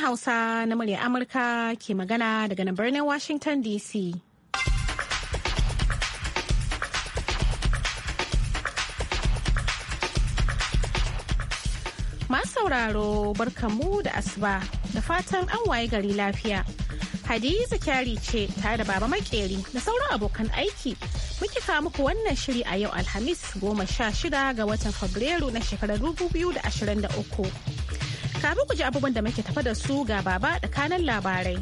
Hausa na murya Amurka ke magana daga nan birnin Washington DC. Masu sauraro barkamu da asuba da fatan an waye gari lafiya. Hadiza kyari ce tare da baba makeri da sauran abokan aiki muke kawo muku wannan shiri a yau Alhamis goma sha shida ga watan Fabrairu na shekarar 2023. Kafin ku ji abubuwan da muke tafa da su ga baba tsakanin labarai.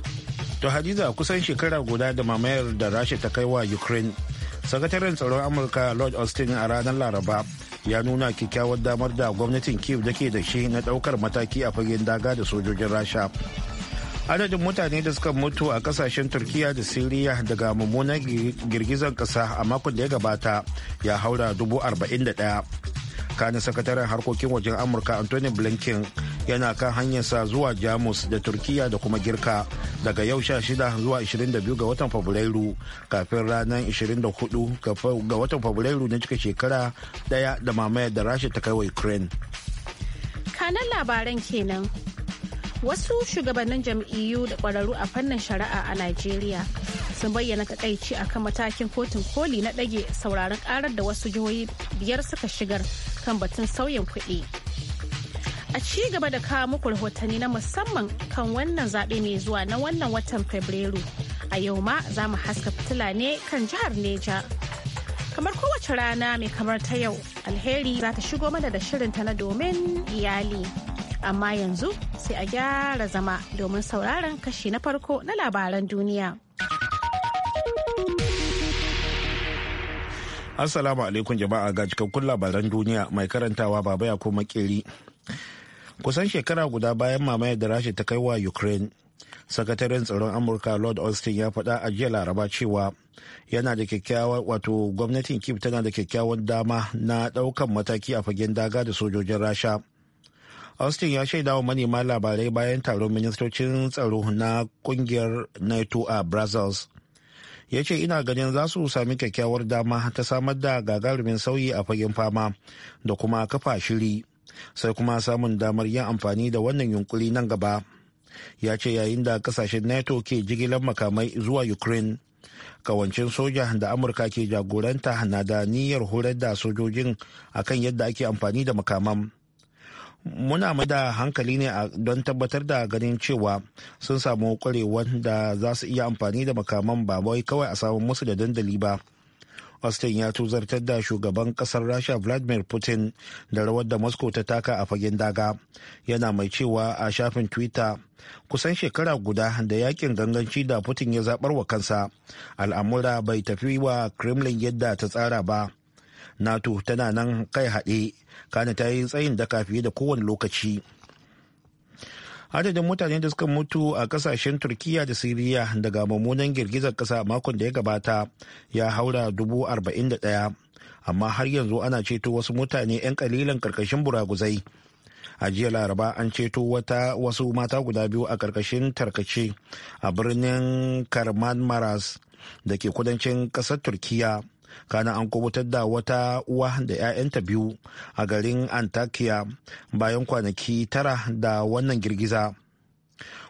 To Hadiza kusan shekara guda da mamayar da Rasha ta kai wa Ukraine. Sakataren tsaron Amurka Lord Austin a ranar Laraba ya nuna kyakkyawar damar da gwamnatin Kiev da ke da shi na daukar mataki a fagen daga da sojojin Rasha. Adadin mutane da suka mutu a kasashen Turkiya da Siriya daga mummunan girgizar kasa a makon da ya gabata ya haura dubu arba'in da ɗaya. Kanin sakataren harkokin wajen Amurka Anthony Blinken yana kan hanyarsa zuwa jamus da turkiya da kuma girka daga yau sha shida zuwa 22 ga watan fabrairu kafin ranar 24 ga watan fabrairu na cika shekara daya da mamayar da rasha ta kai wa ukraine kanan labaran kenan wasu shugabannin jam'iyyu da kwararru a fannin shari'a a najeriya sun bayyana takaici akan matakin kotun koli na dage sauraron karar da wasu jihohi biyar suka shigar kan batun sauyin kuɗi a ci gaba da kawo muku rahotanni na musamman kan wannan zaɓe mai zuwa na wannan watan Fabrairu. A yau ma za mu haska fitila ne kan jihar Neja. Kamar kowace rana mai kamar ta yau, alheri za ta shigo mana da shirin ta na domin iyali. Amma yanzu sai a gyara zama domin sauraron kashi na farko na labaran duniya. Assalamu alaikum jama'a ga cikakkun labaran duniya mai karantawa baba ya ko makeri. kusan shekara guda bayan mamayar da rasha ta kai wa ukraine sakataren tsaron amurka lord austin ya faɗa a jiya laraba cewa yana da kyakkyawar wato gwamnatin kif tana da kyakkyawar dama na ɗaukan mataki a fagen daga da sojojin rasha austin ya shaida wa manema labarai bayan taron ministocin tsaro na kungiyar nato a brussels ya ce ina ganin za su sami kyakkyawar dama ta samar da gagarumin sauyi a fagen fama da kuma kafa shiri sai kuma samun damar yin amfani da wannan yunkuri nan gaba ya ce yayin da kasashen nato ke jigilar makamai zuwa ukraine kawancin soja da amurka ke jagoranta na da niyyar horar da sojojin akan yadda ake amfani da makaman muna mai da hankali ne don tabbatar da ganin cewa sun samu kwarewar da za su iya amfani da makaman ba wai kawai a samu musu da dandali ba austin ya tuzartar da shugaban kasar rasha vladimir putin da rawar da moscow ta taka a fagen daga yana mai cewa a shafin twitter kusan shekara guda da yakin ganganci da putin ya zabar wa kansa al'amura bai tafi wa kremlin yadda ta tsara ba nato tana nan kai haɗe kana ta yi tsayin daka fiye da kowane lokaci adadin mutane da suka mutu a kasashen turkiya da siriya daga mummunan girgizar kasa makon da ya gabata ya haura dubu arba'in da ɗaya amma har yanzu ana ceto wasu mutane 'yan kalilan karkashin buraguzai a jiya laraba an ceto wata wasu mata guda biyu a karkashin tarkace a birnin karman maras da ke kudancin kasar turkiya kana an kubutar da wata uwa da 'ya'yanta biyu a garin antakya bayan kwanaki tara da wannan girgiza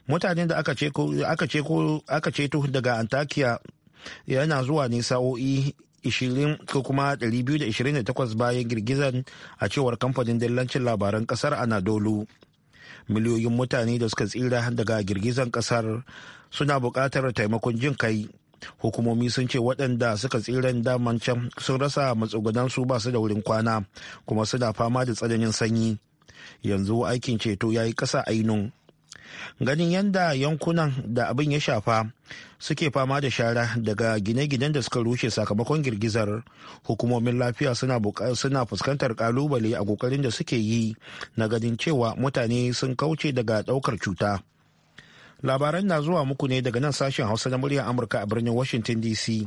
mutanen da aka ceto daga antakya yana zuwa ne sa'o'i 20 ko kuma 228 bayan girgizan a cewar kamfanin dillancin labaran kasar anadolu miliyoyin mutane da suka tsira daga girgizan kasar suna buƙatar taimakon jin kai hukumomi sun ce waɗanda suka tsiran daman can sun rasa matsugunansu ba su da wurin kwana kuma suna fama da tsananin sanyi yanzu aikin ceto ya yi ƙasa ainun ganin yadda yankunan da abin ya shafa suke fama da shara daga gine-ginen da suka rushe sakamakon girgizar hukumomin lafiya suna fuskantar kalubale a kokarin da suke yi na ganin cewa mutane sun kauce daga daukar cuta. labaran na zuwa muku ne daga nan sashen hausa na muryar amurka a birnin washington dc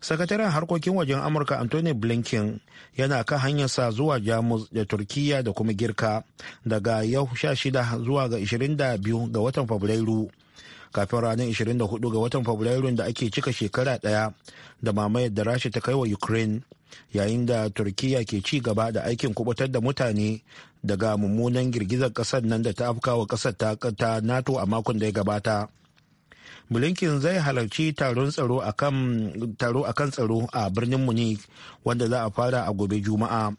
sakataren harkokin wajen amurka anthony blinken yana kan sa zuwa jamus da turkiya da kuma girka daga yau 16 zuwa ga 22 ga watan fabrairu kafin ranar 24 ga watan fabrairun da ake cika shekara daya da mamayar da rasha ta kai wa ukraine yayin da turkiya ke ci gaba da aikin kubutar da mutane daga mummunan girgizar kasar nan da ta afkawa kasar ta nato a makon da ya gabata blinken zai halarci taron tsaro a kan tsaro a birnin munich wanda za a fara a gobe juma'a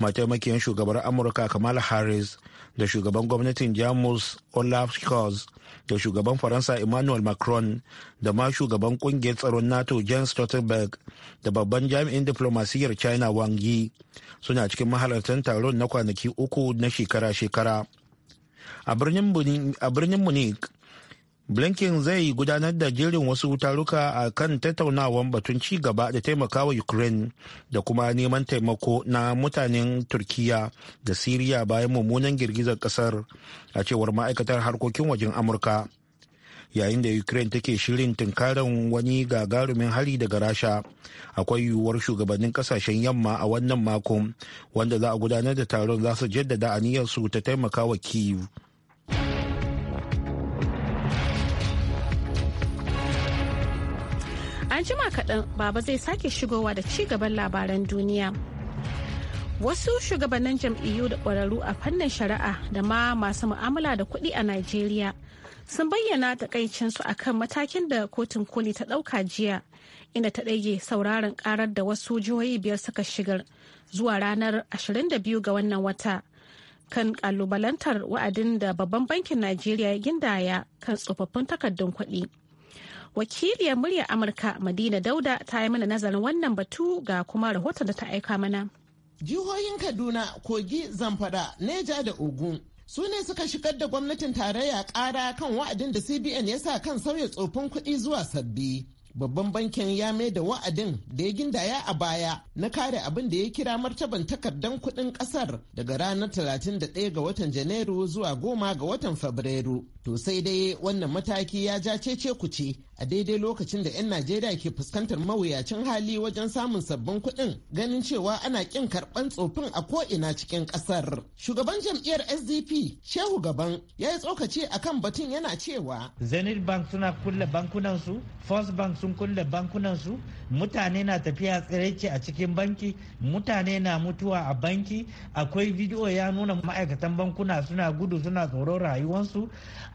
mataimakiyar shugabar amurka kamala harris da shugaban gwamnatin jamus olaf scholz da shugaban faransa emmanuel macron da ma shugaban kungiyar tsaron nato jens stoltenberg da babban jami'in diplomasiyyar china wang yi suna cikin mahalartan taron na kwanaki uku na shekara-shekara a birnin munich blinken zai gudanar da jerin wasu taruka a kan tattaunawan batun ci gaba da taimakawa ukraine da kuma neman taimako na mutanen turkiya da siriya bayan mummunan girgizar kasar a cewar ma'aikatar harkokin wajen amurka yayin da ukraine take shirin tunkarin wani gagarumin hari daga rasha akwai yiwuwar shugabannin kasashen yamma a wannan makon wanda za a gudanar da taron za su jaddada aniyarsu ta taimakawa kiev jima kaɗan baba zai sake shigowa da ci gaban labaran duniya. Wasu shugabannin jam'iyyu da ƙwararru a fannin shari'a da ma masu mu'amala da kuɗi a Najeriya sun bayyana takaicinsu a kan matakin da kotun koli ta ɗauka jiya inda ta ɗage sauraron ƙarar da wasu jihohi biyar suka shigar zuwa ranar 22 ga wannan wata. kan kalubalantar wa'adin da babban bankin najeriya ya gindaya kan tsofaffin takardun kuɗi wakiliyar muryar amurka madina dauda ta yi mana nazarin wannan batu ga kuma rahoton da ta aika mana jihohin kaduna kogi zamfara neja da ogun su ne suka shigar da gwamnatin tarayya kara kan wa'adin da cbn ya sa kan sauya tsofin kuɗi zuwa sabbi babban bankin ya mai da wa'adin da ya gindaya a baya na kare abin da ya kira martaban takardan kuɗin ƙasar daga ranar 31 ga watan janairu zuwa 10 ga watan fabrairu to sai dai wannan mataki ya ja cece kuce a daidai lokacin da 'yan najeriya ke fuskantar mawuyacin hali wajen samun sabbin kuɗin ganin cewa ana ƙin karɓan tsofin a ko'ina cikin ƙasar shugaban jam'iyyar sdp shehu gaban ya yi tsokaci kan batun yana cewa zenith bank suna kulle bankunansu first bank sun kulle bankunansu mutane na tafiya tsiraici a cikin banki mutane na mutuwa a banki akwai bidiyo ya nuna ma'aikatan bankuna suna gudu suna tsoron rayuwansu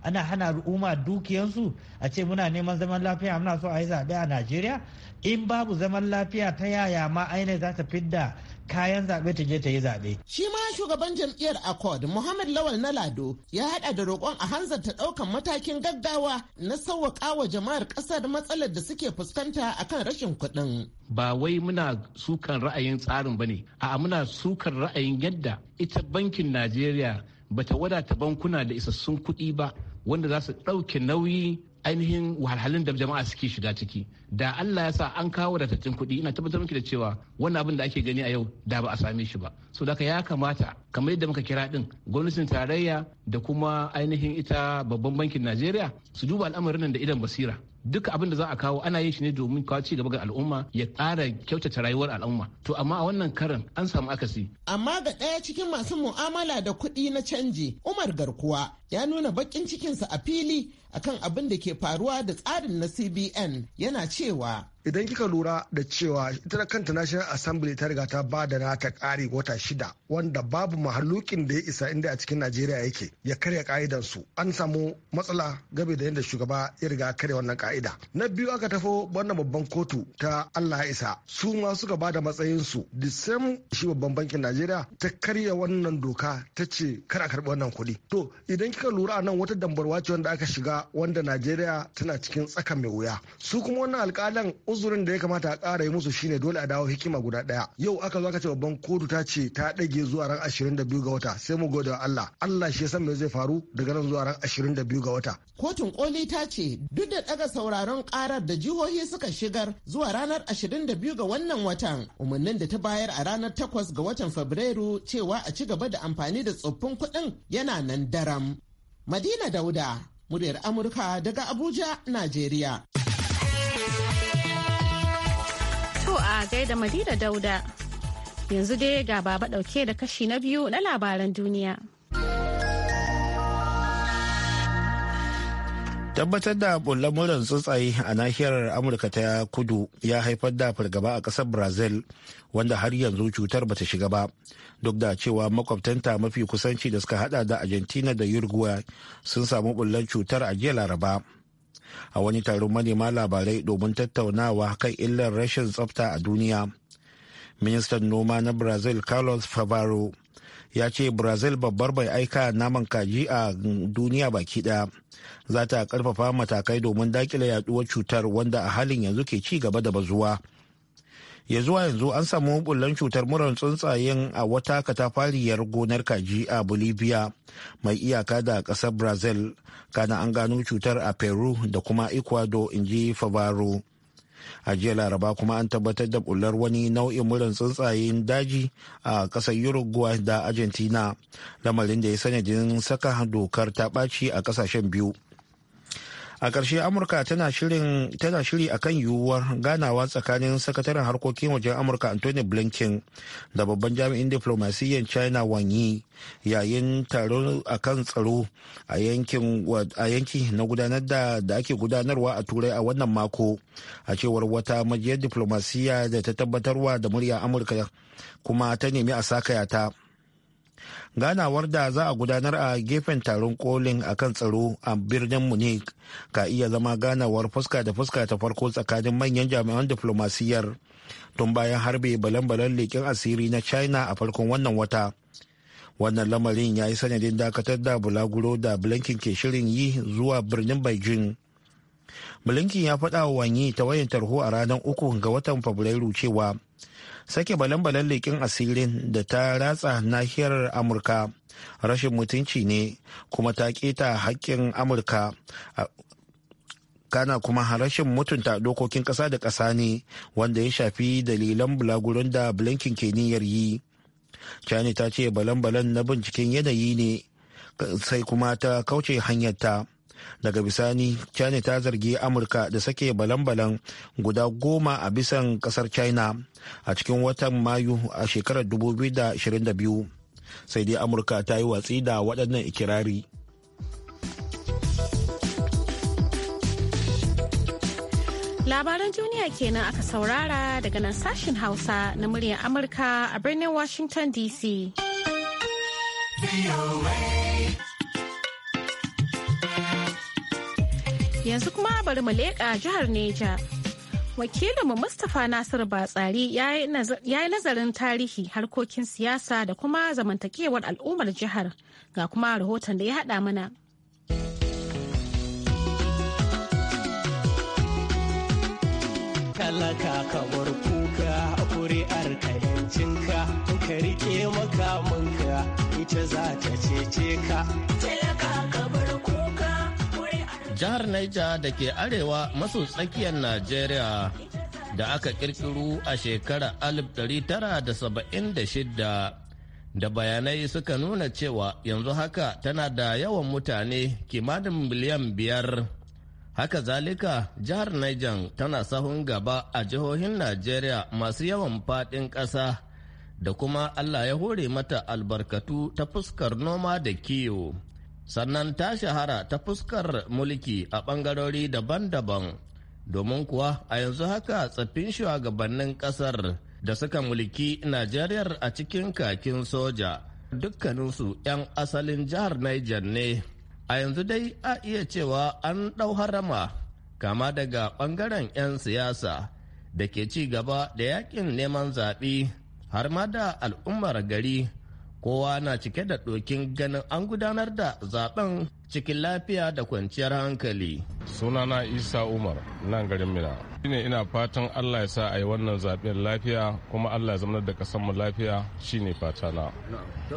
ana hana al'umma dukiyansu a ce muna neman zaman lafiya muna so a yi zaɓe a najeriya in babu zaman lafiya ta yaya ma aine za ta fidda kayan zaɓe ta je ta yi zaɓe. Shi ma shugaban jam'iyyar Accord Muhammad Lawal na Lado ya haɗa da roƙon a hanzarta ta ɗaukan matakin gaggawa na sauwaƙa wa jama'ar ƙasar matsalar da suke fuskanta akan rashin kuɗin. Ba wai muna sukan ra'ayin tsarin ba ne, a'a muna sukan ra'ayin yadda ita bankin Najeriya bata wadata bankuna da isassun kuɗi ba wanda za su ɗauke nauyi ainihin wahalhalun da jama'a suke shiga ciki da Allah ya sa an kawo wadatattun kuɗi ina tabbatar miki da cewa wannan abin da ake gani a yau da ba a same shi ba so da ya kamata kamar yadda muka kira din gwamnatin tarayya da kuma ainihin ita babban bankin Najeriya su duba al'amarin nan da idan basira duk abin da za a kawo ana yin shi ne domin kawo ci gaba ga al'umma ya ƙara kyautata rayuwar al'umma to amma a wannan karan an samu akasi amma ga ɗaya cikin masu mu'amala da kuɗi na canji Umar Garkuwa ya nuna baƙin cikinsa a fili akan abin da ke faruwa da tsarin na CBN yana cewa idan kika lura da cewa ita kanta national assembly ta riga ta ba da nata kare wata shida wanda babu mahalukin da ya isa inda a cikin najeriya yake ya karya ka'idan su an samu matsala gabe da yadda shugaba ya riga karya wannan ka'ida na biyu aka tafo wannan babban kotu ta allah ya isa su ma suka ba da matsayin su the same shi babban bankin najeriya ta karya wannan doka ta ce kar a karbi wannan kuɗi to idan kika lura a nan wata dambarwa ce wanda aka shiga wanda najeriya tana cikin tsaka mai wuya su kuma wannan alƙalan uzurin da ya kamata a ƙara yi musu shine dole a dawo hikima guda ɗaya yau aka zo aka ce babban kotu ta ce ta ɗage zuwa ran 22 ga wata sai mu gode wa Allah Allah shi ya san me zai faru daga nan zuwa ran 22 ga wata kotun koli ta ce duk da ɗaga sauraron ƙarar da jihohi suka shigar zuwa ranar 22 ga wannan watan umarnin da ta bayar a ranar takwas ga watan Fabrairu cewa a ci gaba da amfani da tsoffin kuɗin yana nan daram Madina Dauda, muryar Amurka daga Abuja, Najeriya. gaida Madina Dauda. Yanzu dai ga baba ɗauke da kashi na biyu na labaran duniya. tabbatar da bulla muran tsuntsaye a nahiyar amurka ta kudu ya haifar da fargaba a ƙasar brazil wanda har yanzu cutar bata shiga ba duk da cewa makwabtanta mafi kusanci da suka hada da argentina da uruguay sun samu bullen cutar a jiya laraba a wani taron manema labarai domin tattaunawa kan illar rashin tsafta a duniya. Ministan noma na Brazil Carlos Favaro ya ce Brazil babbar bai aika naman kaji a duniya baki ɗaya. Za ta karfafa matakai domin dakile yaduwar cutar wanda a halin yanzu ke ci gaba da bazuwa. ya zuwa yanzu an samu bullan cutar muran tsuntsayen a wata katafariyar gonar kaji a bolivia mai iyaka da ƙasar brazil kana an gano cutar a peru da kuma ecuador in ji favaro a jiya laraba kuma an tabbatar da bullar wani nau'in murin tsuntsayen daji a ƙasar uruguay da argentina lamarin da ya sanadin saka dokar ta ɓaci a ƙasashen biyu a ƙarshe amurka tana shiri a kan yiwuwar ganawa tsakanin sakataren harkokin wajen amurka anthony blinken da babban jami'in diplomasiyyar china wang yi yayin taron kan tsaro a a yanki na gudanar da da ake gudanarwa a turai a wannan mako a cewar wata majiyar diplomasiyya da ta tabbatarwa da murya amurka kuma ta nemi a sakaya ta ganawar da za a gudanar a gefen taron kolin a kan tsaro a birnin munich ka iya zama ganawar fuska da fuska ta farko tsakanin manyan jami'an diflomasiyyar tun bayan harbe balan-balan leƙen asiri na china a farkon wannan wata wannan lamarin ya yi sanadin dakatar da bulaguro da blinken ke shirin yi zuwa birnin beijing blinken ya faɗa wa wanyi ta wayan tarho a ranar uku ga watan fabrairu cewa sake balan-balan leƙin asirin da ta ratsa nahiyar amurka rashin mutunci ne kuma ta keta haƙƙin amurka kana kuma rashin mutunta dokokin ƙasa da ƙasa ne wanda ya shafi dalilan bulaguron da blinken ke niyyar yi chani ta ce balan-balan na binciken yanayi ne sai kuma ta kauce hanyarta. ta daga bisani china ta zargi amurka da sake balan-balan guda goma a bisan kasar china a cikin watan mayu a shekarar 2022 sai dai amurka ta yi watsi da waɗannan ikirari labaran duniya kenan aka saurara daga nan sashen hausa na muryar amurka a birnin washington dc Yanzu kuma bari mu leƙa jihar Neja. Wakilinmu Mustapha Nasiru Batsari ya yi nazarin tarihi harkokin siyasa da kuma zamantakewar al'ummar jihar ga kuma rahoton da ya haɗa mana. Talaka kamar kuka kuri'ar kayancinka, ka rike makamanka ita za ta cece ka. jihar Niger da ke arewa maso tsakiyar Najeriya da aka kirkiru a shekarar 1976 da bayanai suka nuna cewa yanzu haka tana da yawan mutane kimanin miliyan biyar. Haka zalika jihar Niger tana sahun gaba a jihohin Najeriya masu yawan faɗin ƙasa da kuma Allah ya hore mata albarkatu ta fuskar noma da kiyo sannan ta shahara ta fuskar mulki a ɓangarori daban-daban domin kuwa a yanzu haka tsaffin shugabannin ƙasar da suka mulki Najeriyar a cikin kakin soja dukkaninsu 'yan asalin jihar Niger ne. A yanzu dai a iya cewa an ɗau harama kama daga ɓangaren 'yan siyasa da ke ci gaba da yakin neman zaɓi, har ma da al'ummar gari kowa na cike da dokin ganin an gudanar da zaben cikin lafiya da kwanciyar hankali. Sunana Isa Umar nan garin Mina. Shine ina fatan Allah ya sa a yi wannan zaɓen lafiya kuma Allah ya zama da ƙasar mu lafiya shine fata na.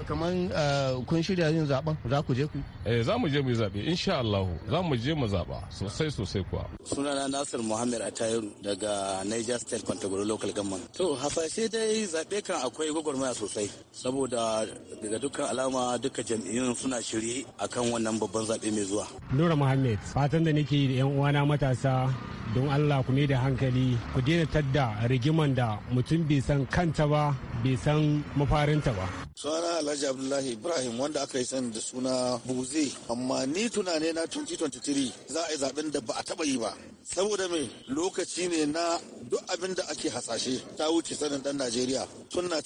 Kaman eh, kun shirya yin zaɓen za ku je ku? Eh za mu je mu yi zaɓe insha Allah za mu je mu zaɓa sosai sosai kuwa. Sunana Nasir Muhammad Atayiru daga Niger State Kwantagoro Local Government. To hasashe dai zaɓe kan akwai gwagwarmaya sosai saboda daga dukkan alama duka jam'iyyun suna shirye akan wannan babban sauran zaɓe mai zuwa. Nura Muhammad, fatan da nake yi da 'yan uwana matasa don Allah ku mai da hankali ku daina tadda rigiman da mutum bai san kanta ba bai san mafarinta ba. Suna Alhaji Abdullahi Ibrahim wanda aka yi sani da suna Buze amma ni tunane na 2023 za a yi zaɓen da ba a taɓa yi ba. Saboda mai lokaci ne na duk abin da ake hasashe ta wuce sanin dan Najeriya tun na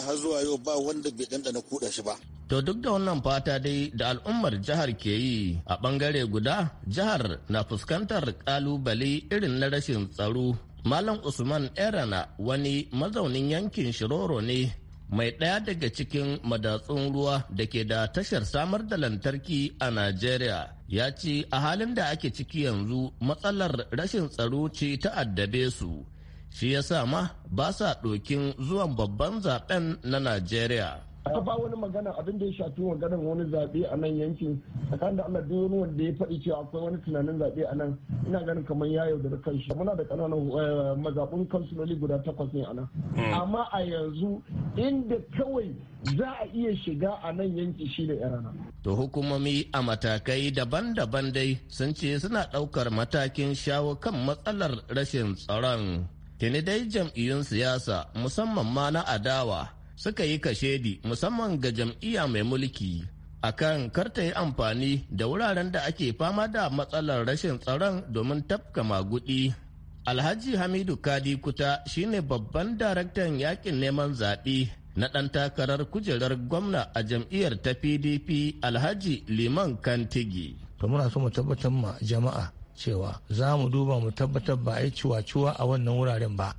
har zuwa yau ba wanda bai dandana kuɗa shi ba. To duk da wannan fata dai da al'ummar jihar ke yi a bangare guda jihar na fuskantar kalubale irin na rashin tsaro. Malam Usman Erana wani mazaunin yankin Shiroro ne mai ɗaya daga cikin madatsun ruwa da ke da tashar samar da lantarki a Najeriya. ya ce a halin da ake ciki yanzu matsalar rashin tsaro ce ta addabe su shi ya sa ma ba sa ɗokin zuwan babban zaben na najeriya Aka ba wani magana abin da ya shafi maganar wani zaɓe a nan yankin tsakanin da Allah duk wanda ya faɗi cewa akwai wani tunanin zaɓe a nan ina ganin kamar ya yaudara shi muna da ƙananan eh, mazaɓun kansuloli guda takwas ne a nan hmm. amma a yanzu inda kawai za a iya shiga a nan yanki shi da yarana. To hukumomi a matakai daban-daban dai sun ce suna ɗaukar matakin shawo kan matsalar rashin tsaron. Tini dai jam'iyyun siyasa musamman ma na adawa suka yi kashedi musamman ga jam'iyya mai mulki akan karta yi amfani da wuraren da ake fama da matsalar rashin tsaron domin tafka magudi. Alhaji Hamidu Kadi Kuta shine babban daraktan yakin neman zaɓe na ɗan takarar kujerar gwamna a jam'iyyar ta PDP Alhaji Liman Kantigi. To muna so mu tabbatar ma jama'a cewa za mu duba mu tabbatar ba a yi ciwa-ciwa a wannan wuraren ba.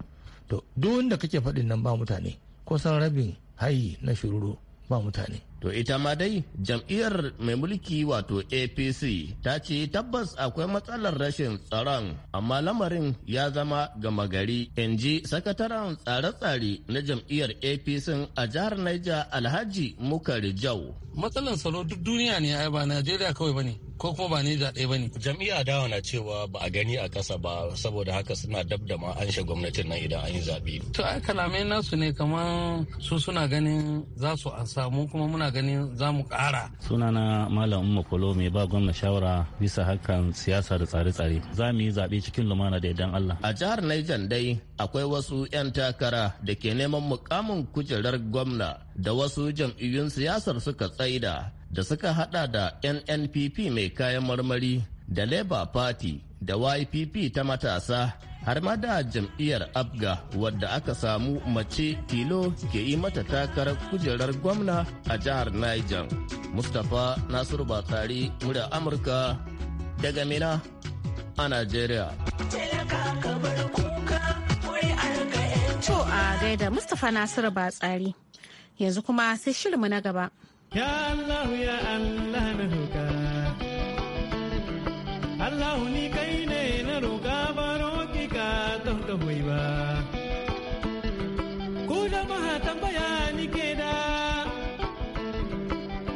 To duk wanda kake faɗin nan ba mutane kusan rabin hayi na shiruru ba mutane. To ita ma dai jam'iyyar mai mulki wato APC ta ce tabbas akwai matsalar rashin tsaron amma lamarin ya zama gama gari. In ji sakataren tsare-tsare na jam'iyyar APC a jihar Niger Alhaji Mukari Jau. Matsalar tsaro duk duniya ne ba Najeriya kawai ba ne. ko kuma ba ni zaɓe ba ne. Jam'iyya dawa na cewa ba a gani a ƙasa ba saboda haka suna dab da ma'anshe gwamnatin nan idan an yi zaɓe. To ai kalamai nasu ne kamar su suna ganin za su an samu kuma muna ganin za mu ƙara. Sunana Malam Umma Kolo mai ba gwamna shawara bisa hakan siyasa da tsare-tsare. Za mu yi zaɓe cikin lumana da idan Allah. A jihar Niger dai akwai wasu 'yan takara da ke neman mukamin kujerar gwamna da wasu jam'iyyun siyasar suka tsaida da suka hada da nnpp mai kayan marmari da labour party da ypp ta matasa har ma da jam'iyyar abga wadda aka samu mace tilo ke yi mata takarar kujerar gwamna a jihar niger mustapha nasiru batsari murya amurka daga mina a nigeria to a gaida mustapha nasiru batsari yanzu kuma sai shirinmu na gaba Ya Allah ya Allah na roka Allah ni kai ne na roka ba ki ka don ba Ku jama'a tambaya ni ke da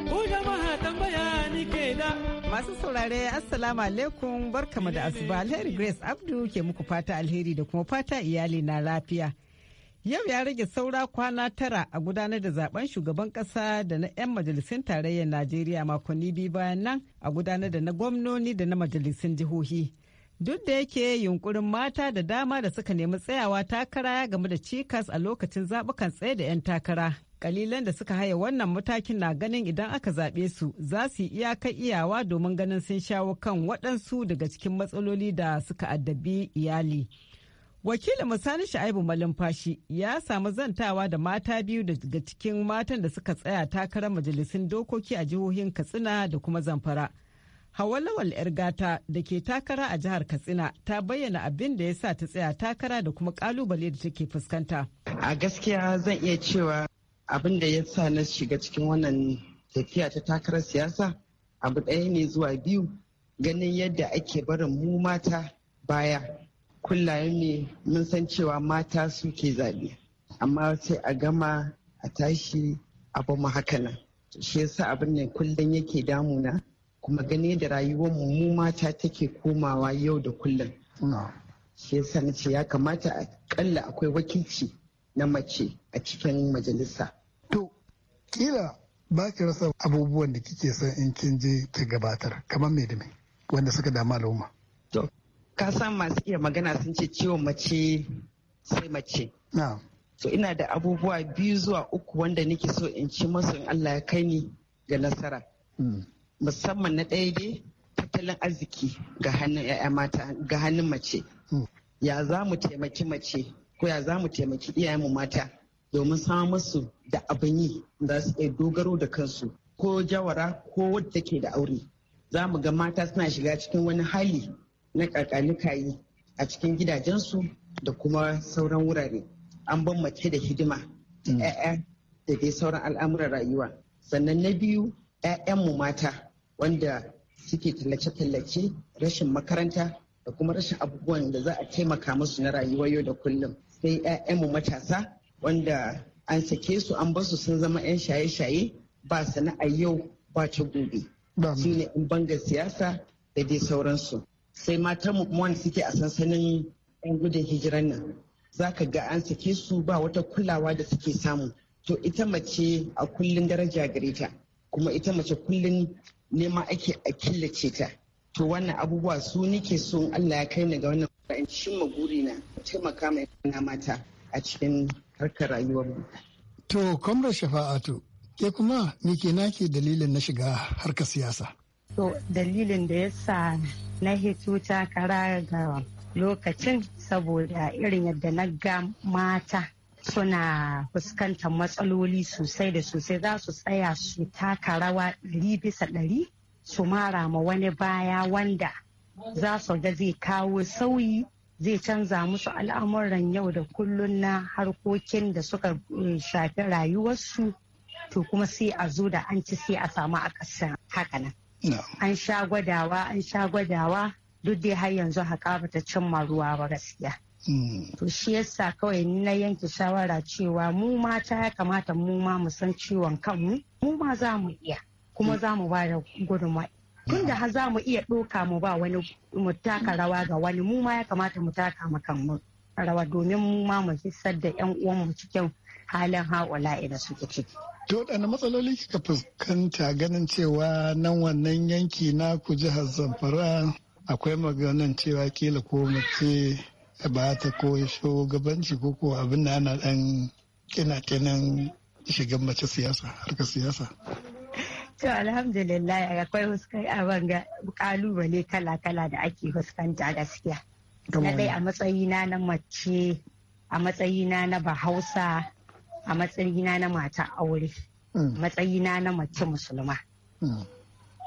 Ku jama'a tambaya ni ke da Masu saurare Assalamu alaikum barkamu da asuba Alheri Grace Abdu ke muku fata alheri da kuma fata iyali na lafiya. Yau ya rage saura kwana tara a gudanar da zaben shugaban kasa da na 'yan majalisun tarayyar Najeriya makonni biyu bayan nan a gudanar da na gwamnoni da na majalisun jihohi. Duk da yake yunkurin mata da dama da suka nemi tsayawa takara game da cikas a lokacin zabukan tsaye da 'yan takara. Kalilan da suka haye wannan matakin na ganin idan aka zaɓe su za su yi iyakar iyawa domin ganin sun shawo kan waɗansu daga cikin matsaloli da suka addabi iyali. wakilin sani sha'ibu malumfashi ya samu zantawa da mata biyu daga cikin matan da suka tsaya takarar majalisun dokoki a jihohin katsina da kuma zamfara hawalawal yar gata da ke takara a jihar katsina ta bayyana abin da ya sa ta tsaya takara da kuma kalubale da take fuskanta a gaskiya zan iya cewa abin da ya sa na shiga cikin wannan tafiya ta takarar siyasa abu ɗaya ne zuwa biyu ganin yadda ake barin mu mata baya kullayen ne mun san cewa mata suke zaɓe amma sai a gama a tashi abu mu haka nan shi yasa abin ne kullum yake damuna kuma gane da rayuwar mu mata take komawa yau da kullum shi yasa na ce ya kamata a kalla akwai wakilci na mace a cikin majalisa to kila ba ki rasa abubuwan da kike son in kin je ki gabatar kamar me da me wanda suka dama al'umma ka san masu iya magana sun ce ciwon mace sai mace so ina da abubuwa biyu zuwa uku wanda nake so in ci masu in Allah ya kai ni ga nasara hmm. musamman na ɗaya dai tattalin arziki ga hannun 'ya'ya mata ga hannun mace hmm. ya za mu taimaki mace ko ya za mu taimaki iyayen mu mata domin samun musu da abin yi za su iya dogaro da kansu ko jawara ko wadda ke da aure za mu ga mata suna shiga cikin wani hali na kakalikayi a cikin gidajensu da kuma sauran wurare an mace da hidima ya'ya mm. da dai sauran al'amuran rayuwa sannan na biyu mu mata wanda suke tallace-tallace rashin makaranta da kuma rashin abubuwan da za a taimaka musu na rayuwa yau da kullum sai mu matasa wanda an sake su an basu sun zama 'yan shaye-shaye ba sana'a yau ba ta gobe su ne in banga siyasa da dai sauransu sai matan kuma suke a sansanin 'yan gudun hijiran nan za ka ga an sake su ba wata kulawa da suke samu to ita mace a kullun daraja gare ta kuma ita mace kullun nema ake a killace ta to wannan abubuwa su nike so Allah ya kai ni ga wannan in cimma na taimaka mai mata a cikin harkar rayuwar mu to kamar shafa'atu ke kuma nike nake dalilin na shiga harkar siyasa to dalilin da ya sa na hito takara ga lokacin saboda irin yadda na ga mata suna fuskantar matsaloli sosai da sosai za su tsaya su taka rawa ɗari bisa ɗari su mara ma wani baya wanda za su ga zai kawo sauyi zai canza musu al'amuran yau da kullun na harkokin da suka eh, shafi rayuwarsu to kuma sai a zo da an ci sai a samu a ƙasa hakanan. An sha gwadawa, an sha gwadawa duk dai har yanzu haka ba ta cimma ruwa ba gaskiya. Mm. To shi yasa kawai na yanke shawara cewa mu mata ya kamata mu ma mu san ciwon kanmu, mu ma za mu iya kuma za mu ba da gudunmawa tun da za mu iya ɗoka mu ba wani mu taka rawa ga wani mu ma ya kamata mu taka mu rawa domin mu ma mu fi da yan uwan mu cikin halin ha'ula ina suke ciki. To waɗanne matsaloli kika fuskanta ganin cewa nan wannan yanki na ku jihar Zamfara akwai maganin cewa kila ko mace ba ta ko shugabanci ko ko abin da ana ɗan kina-kinan shigan mace siyasa harkar siyasa. To alhamdulillah akwai fuskar abin ga kalubale kala-kala da ake fuskanta gaskiya. Na ɗaya a matsayina na mace a matsayina na bahausa a matsayina na mata aure mm. matsayina na mace musulma mm.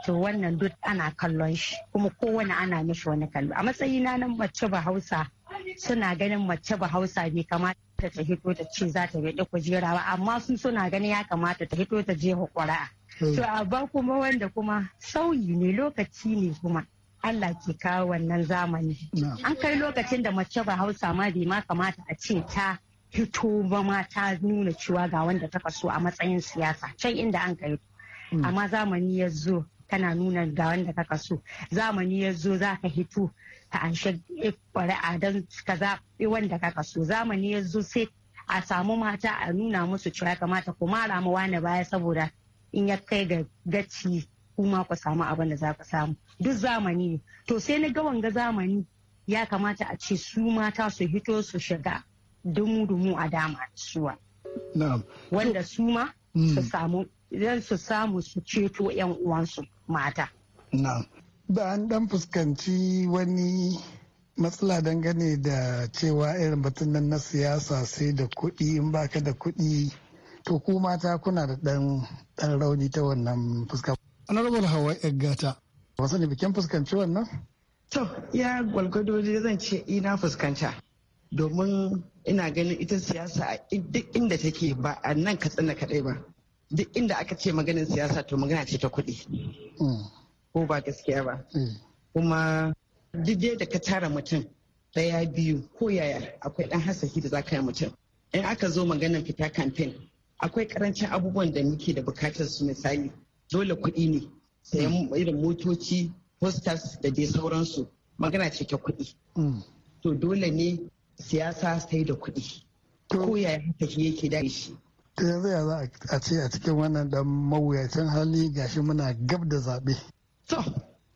to wannan duk ana kallon shi kuma kowane ana mishi wani kallo a matsayina na mace bahausa suna ganin mace hausa bai kamata ta hito ta ce za ta bai kujera ba amma su suna ganin ya kamata ta hito ta je hukura mm. to abba kuma wanda kuma sauyi ne lokaci ne kuma Allah ke kawo wannan zamani an kai lokacin da mace bahausa ma bai ma kamata a ce ta fito ba ma ta nuna cewa ga wanda ta kaso a matsayin siyasa can inda an kai mm. amma zamani ya zo tana nuna ga wanda ka kaso zamani ya zo za ka hito ka anshe don ka zaɓi wanda ka kaso zamani ya zo sai a samu mata a nuna musu cewa kamata ku mara ma wani baya saboda in ya kai ga gaci kuma ku samu abin da za ku samu duk zamani ne to sai na ga wanga zamani ya kamata a ce su mata su hito su shiga dumu-dumu a dama da suwa. Wanda su ma mm. su samu zan su samu su ceto 'yan uwansu mata. Ba an dan fuskanci wani matsala dangane da cewa irin batun nan na siyasa sai da kuɗi in baka da kuɗi to ku mata kuna da ɗan rauni ta wannan fuska. rabar Hawa Gata. Wasu ne bikin fuskanci wannan? To, ya gwalgwado zan ce ina fuskanta domin ina ganin ita siyasa a duk inda take ba a nan katsina kadai ba duk inda aka ce maganin siyasa to magana ce ta kuɗi mm. ko ba gaskiya ba mm. kuma duk da ka tara mutum daya biyu ko yaya akwai dan hasashi da zaka yi mutum in aka zo maganar fita kamfen akwai karancin abubuwan da muke da bukatar su misali dole kuɗi ne sayan mm. irin motoci posters da dai sauransu magana ce ta kuɗi to dole ne siyasa sai da kuɗi ko ya haka yake da shi yanzu ya za a ce a cikin wannan dan mawuyacin hali gashi muna gab da zaɓe. to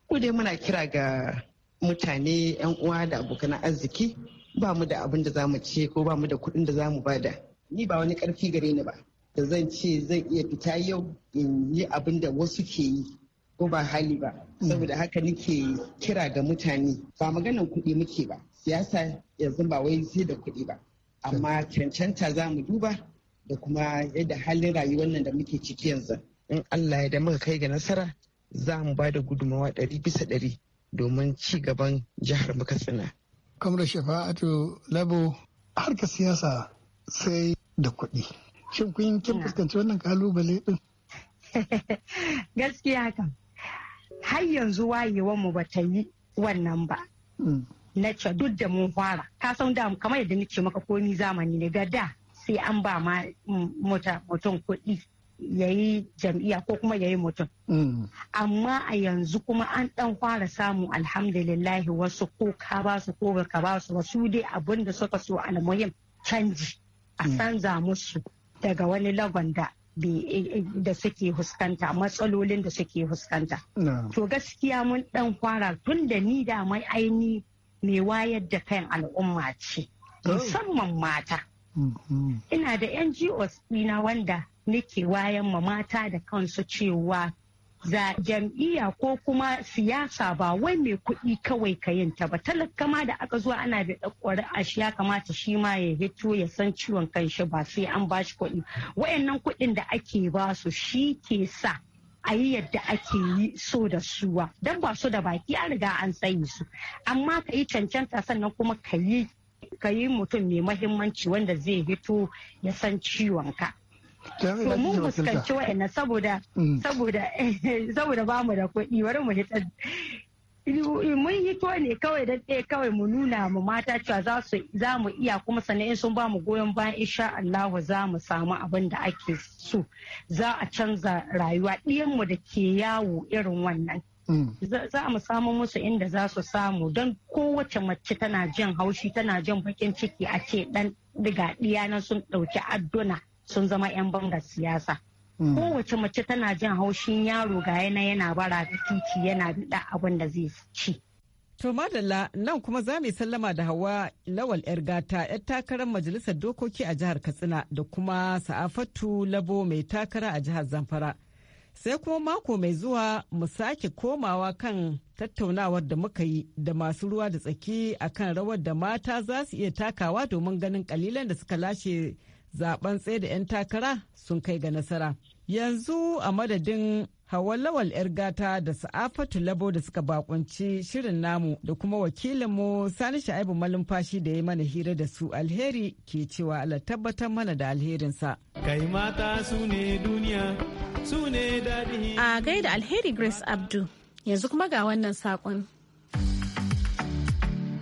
ku dai muna kira ga mutane yan uwa da abokan arziki ba mu da abin da za mu ce ko ba mu da kuɗin da za mu bada ni ba wani ƙarfi gare ni ba da zan ce zan iya fita yau in yi abin da wasu ke yi ko ba hali ba mm. saboda haka nike kira ga mutane ba maganan kuɗi muke ba siyasa yanzu ba wai sai da kuɗi ba amma cancanta za mu duba da kuma yadda halin rayuwar nan da muke ciki yanzu in allah ya da muka kai ga nasara za mu ba da gudunmawa ɗari bisa ɗari domin ci gaban jihar makasina kamar shafa'atu labo harkar siyasa sai da kuɗi shin kun kin fuskanci wannan kalubale din gaskiya kan har yanzu wayewar ba ta yi wannan ba hmm. na ce duk da mun fara ka san da kamar yadda nake maka komi zamani ne ga da sai an ba ma mm, mutum kuɗi ya yi jam'iyya ko kuma ya yi mutum. Mm. Amma a yanzu kuma an ɗan fara samu alhamdulillahi wasu ko ka ba su ko ka ba su wasu dai abin da suka so almuhim canji a mm. canza musu daga wani lagon da e, e, da suke huskanta matsalolin da suke huskanta. To gaskiya mun ɗan fara tun da ni da mai aini mai wayar da kan al'umma ce oh. musamman mata mm-hmm. ina da ngos ɗina wanda nake wayan ma mata da kansu cewa za jam'iyya ko kuma siyasa ba wai mai kuɗi kawai ka yin ta ba Talakama da aka zuwa ana da ɗakwari a shi ya kamata shi ma ya hito ya san ciwon kanshi ba sai an bashi kuɗi wayannan kuɗin da ake ba su shi ke sa a yi yadda ake yi so da suwa don ba so da baki an riga an tsaye su amma ka yi cancanta sannan kuma ka yi mutum mai mahimmanci wanda zai hito ya san ciwon to mun fuskanci wa'annan saboda mm. saboda bamu da kuɗi wani mu hita Eh, mun hito ne kawai da ɗaya kawai mu nuna mu mata cewa za su za mu iya kuma sannan in sun ba mu goyon bayan insha Allah za mu samu abin da ake so za a canza rayuwa ɗiyan mu da ke yawo irin wannan mm. za mu samu musu inda za su samu don kowace mace tana jin haushi tana jin bakin ciki a ce dan diga ɗiya sun ɗauki adduna sun zama 'yan banga siyasa. Mm. kowace mace tana jin haushin yaro ga yana yana bara da titi yana da abin da zai ci To Madalla nan kuma za mu sallama da hawa lawal 'yar gata 'yar takarar majalisar dokoki a jihar Katsina da kuma sa'afatu labo mai takara a jihar Zamfara. Sai kuma mako mai zuwa mu sake komawa kan tattaunawar da muka yi da masu ruwa da tsaki akan rawar da mata za su iya takawa domin ganin kalilan da suka lashe zaben tsaye da 'yan takara sun kai ga nasara. Yanzu a madadin hawalawal Lawal 'yar gata da Sa'afatu Labo da suka bakunci shirin namu da kuma wakilinmu Sani Sha'ibu Malumfashi da ya mana hira da su alheri ke cewa ala tabbatar mana da alherinsa. Kai mata su ne duniya, su ne daɗi. A gaida alheri Grace Abdu, yanzu kuma ga wannan saƙon.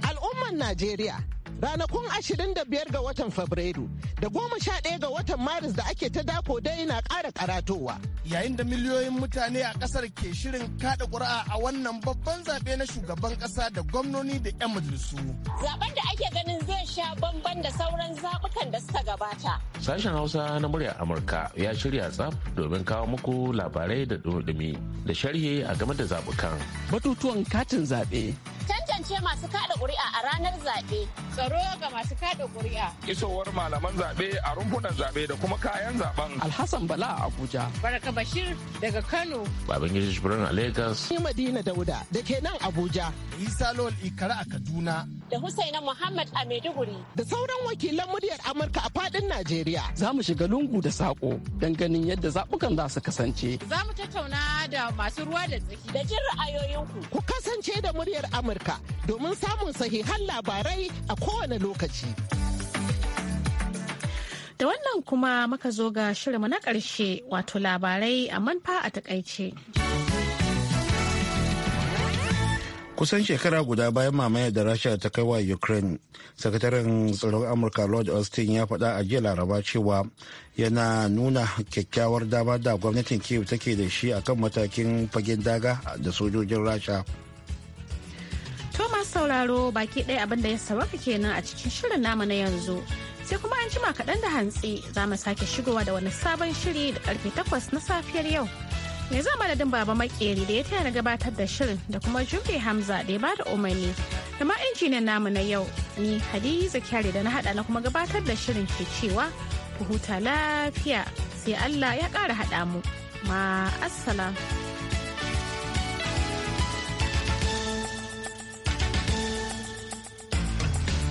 Al'umman Najeriya ranakun 25 ga watan Fabrairu da 11 ga watan Maris da ake ta dako dai na ƙara karatowa. Yayin da miliyoyin mutane a ƙasar ke shirin kaɗa ƙuri'a a wannan babban zaɓe na shugaban ƙasa da gwamnoni da 'yan majalisu. Zaben da ake ganin zai sha bamban da sauran zaɓukan da suka gabata. Sashen Hausa na murya Amurka ya shirya tsaf domin kawo muku labarai da dumi da sharhi a game da zaɓukan. Batutuwan katin zaɓe. Tantance masu kaɗa ƙuri'a a ranar zaɓe. tsaro ga masu kada ƙuri'a. Isowar malaman zaɓe a rumfunan zaɓe da kuma kayan zaɓen. Alhassan Bala a Abuja. Baraka Bashir daga Kano. Babangiji Shibirin a Lagos. Ni Madina Dauda da ke nan Abuja. Isa lol Ikara a Kaduna. da Husaina Muhammad a Maiduguri. Da sauran wakilan muryar Amurka a fadin Najeriya. Za mu shiga lungu da saƙo don ganin yadda zaɓukan za su kasance. Za mu tattauna da masu ruwa da tsaki da jin ra'ayoyinku. Ku kasance da muryar Amurka domin samun sahihan labarai a kowane lokaci. Da wannan kuma muka zo ga shirinmu na ƙarshe wato labarai a manfa a takaice. kusan shekara guda bayan mamaya da rasha ta kai wa ukraine sakataren tsaron amurka lord austin ya faɗa a jiya laraba cewa yana nuna kyakkyawar dama da gwamnatin kiyu take da shi akan matakin fagen daga da sojojin rasha thomas sauraro baki ɗaya abin da ya sauraka kenan a cikin shirin nama na yanzu sai kuma an jima kaɗan da hantsi za mu sake shigowa da wani sabon shiri da karfe takwas na safiyar yau yanzu a madadin baba makeri da ya taya na gabatar da shirin da kuma jumbe hamza da ya ba da umarni da ma injiniyan namu na yau ni hadiza kyari da na hada na kuma gabatar da shirin ke cewa ku huta lafiya sai allah ya kara hada mu ma